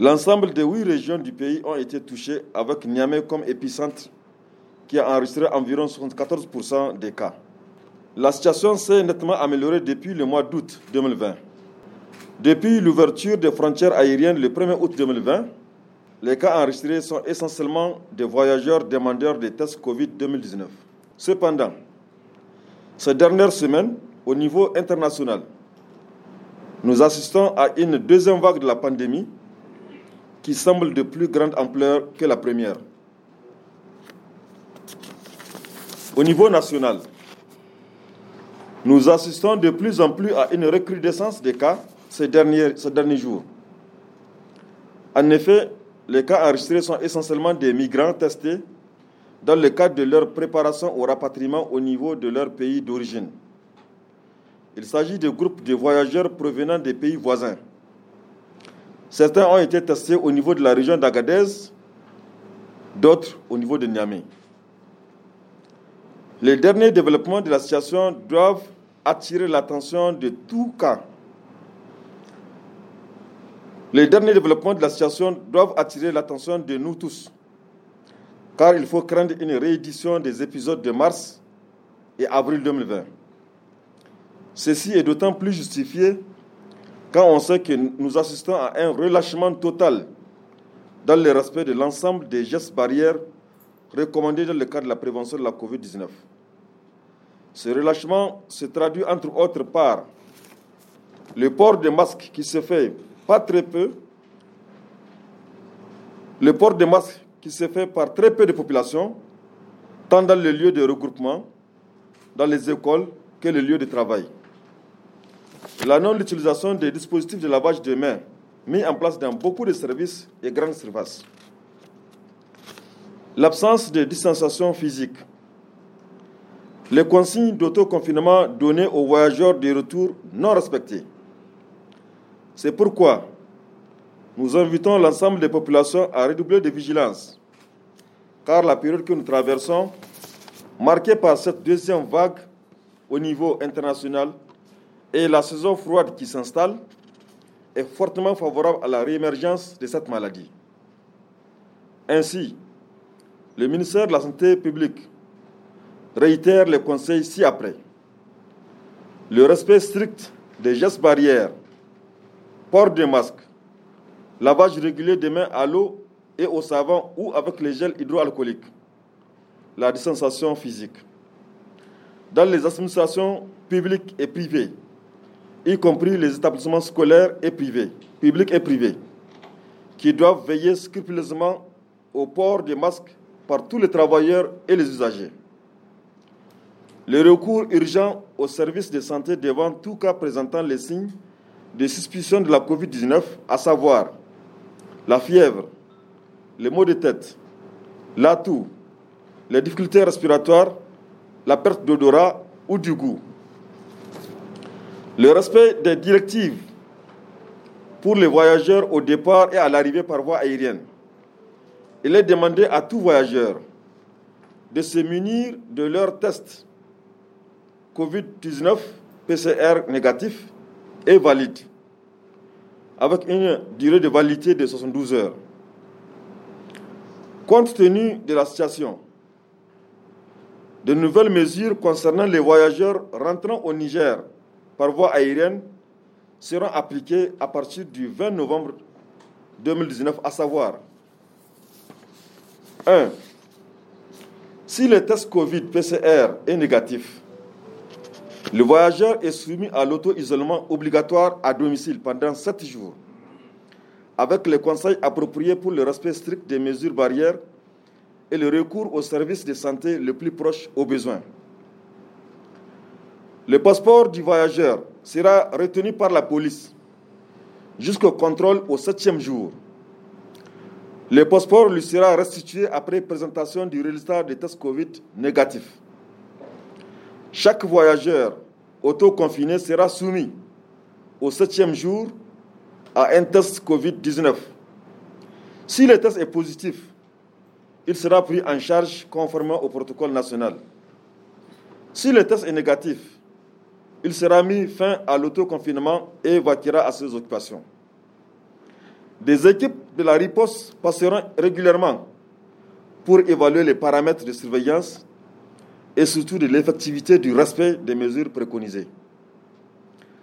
L'ensemble des huit régions du pays ont été touchées avec Niamey comme épicentre qui a enregistré environ 74% des cas. La situation s'est nettement améliorée depuis le mois d'août 2020. Depuis l'ouverture des frontières aériennes le 1er août 2020, les cas enregistrés sont essentiellement des voyageurs demandeurs de tests COVID-2019. Cependant, ces dernières semaines, au niveau international, nous assistons à une deuxième vague de la pandémie qui semble de plus grande ampleur que la première. Au niveau national, nous assistons de plus en plus à une recrudescence des cas ces derniers, ces derniers jours. En effet, les cas enregistrés sont essentiellement des migrants testés dans le cadre de leur préparation au rapatriement au niveau de leur pays d'origine. Il s'agit de groupes de voyageurs provenant des pays voisins Certains ont été testés au niveau de la région d'Agadez, d'autres au niveau de Niamey. Les derniers développements de la situation doivent attirer l'attention de tout cas. Les derniers développements de la situation doivent attirer l'attention de nous tous, car il faut craindre une réédition des épisodes de mars et avril 2020. Ceci est d'autant plus justifié quand on sait que nous assistons à un relâchement total dans le respect de l'ensemble des gestes barrières recommandés dans le cadre de la prévention de la COVID-19. Ce relâchement se traduit entre autres par le port de masques qui se fait pas très peu, le port de masques qui se fait par très peu de populations, tant dans les lieux de regroupement, dans les écoles que les lieux de travail. La non-utilisation des dispositifs de lavage de mains mis en place dans beaucoup de services et grandes surfaces. L'absence de distanciation physique. Les consignes d'autoconfinement données aux voyageurs de retour non respectées. C'est pourquoi nous invitons l'ensemble des populations à redoubler de vigilance, car la période que nous traversons, marquée par cette deuxième vague au niveau international, et la saison froide qui s'installe est fortement favorable à la réémergence de cette maladie. Ainsi, le ministère de la Santé publique réitère les conseils ci-après. Le respect strict des gestes barrières, port de masque, lavage régulier des mains à l'eau et au savon ou avec les gels hydroalcooliques, la distanciation physique. Dans les administrations publiques et privées, y compris les établissements scolaires et privés, publics et privés, qui doivent veiller scrupuleusement au port des masques par tous les travailleurs et les usagers. Le recours urgent aux services de santé devant tout cas présentant les signes de suspicion de la COVID-19, à savoir la fièvre, les maux de tête, l'atout, les difficultés respiratoires, la perte d'odorat ou du goût, le respect des directives pour les voyageurs au départ et à l'arrivée par voie aérienne. Il est demandé à tout voyageurs de se munir de leur test COVID-19 PCR négatif et valide, avec une durée de validité de 72 heures. Compte tenu de la situation, de nouvelles mesures concernant les voyageurs rentrant au Niger par voie aérienne seront appliquées à partir du 20 novembre 2019, à savoir 1. Si le test COVID-PCR est négatif, le voyageur est soumis à l'auto-isolement obligatoire à domicile pendant 7 jours, avec les conseils appropriés pour le respect strict des mesures barrières et le recours aux services de santé le plus proche aux besoins. Le passeport du voyageur sera retenu par la police jusqu'au contrôle au septième jour. Le passeport lui sera restitué après présentation du résultat des tests Covid négatifs. Chaque voyageur autoconfiné sera soumis au septième jour à un test Covid-19. Si le test est positif, il sera pris en charge conformément au protocole national. Si le test est négatif, il sera mis fin à l'autoconfinement et vaquera à ses occupations. Des équipes de la riposte passeront régulièrement pour évaluer les paramètres de surveillance et surtout de l'effectivité du respect des mesures préconisées.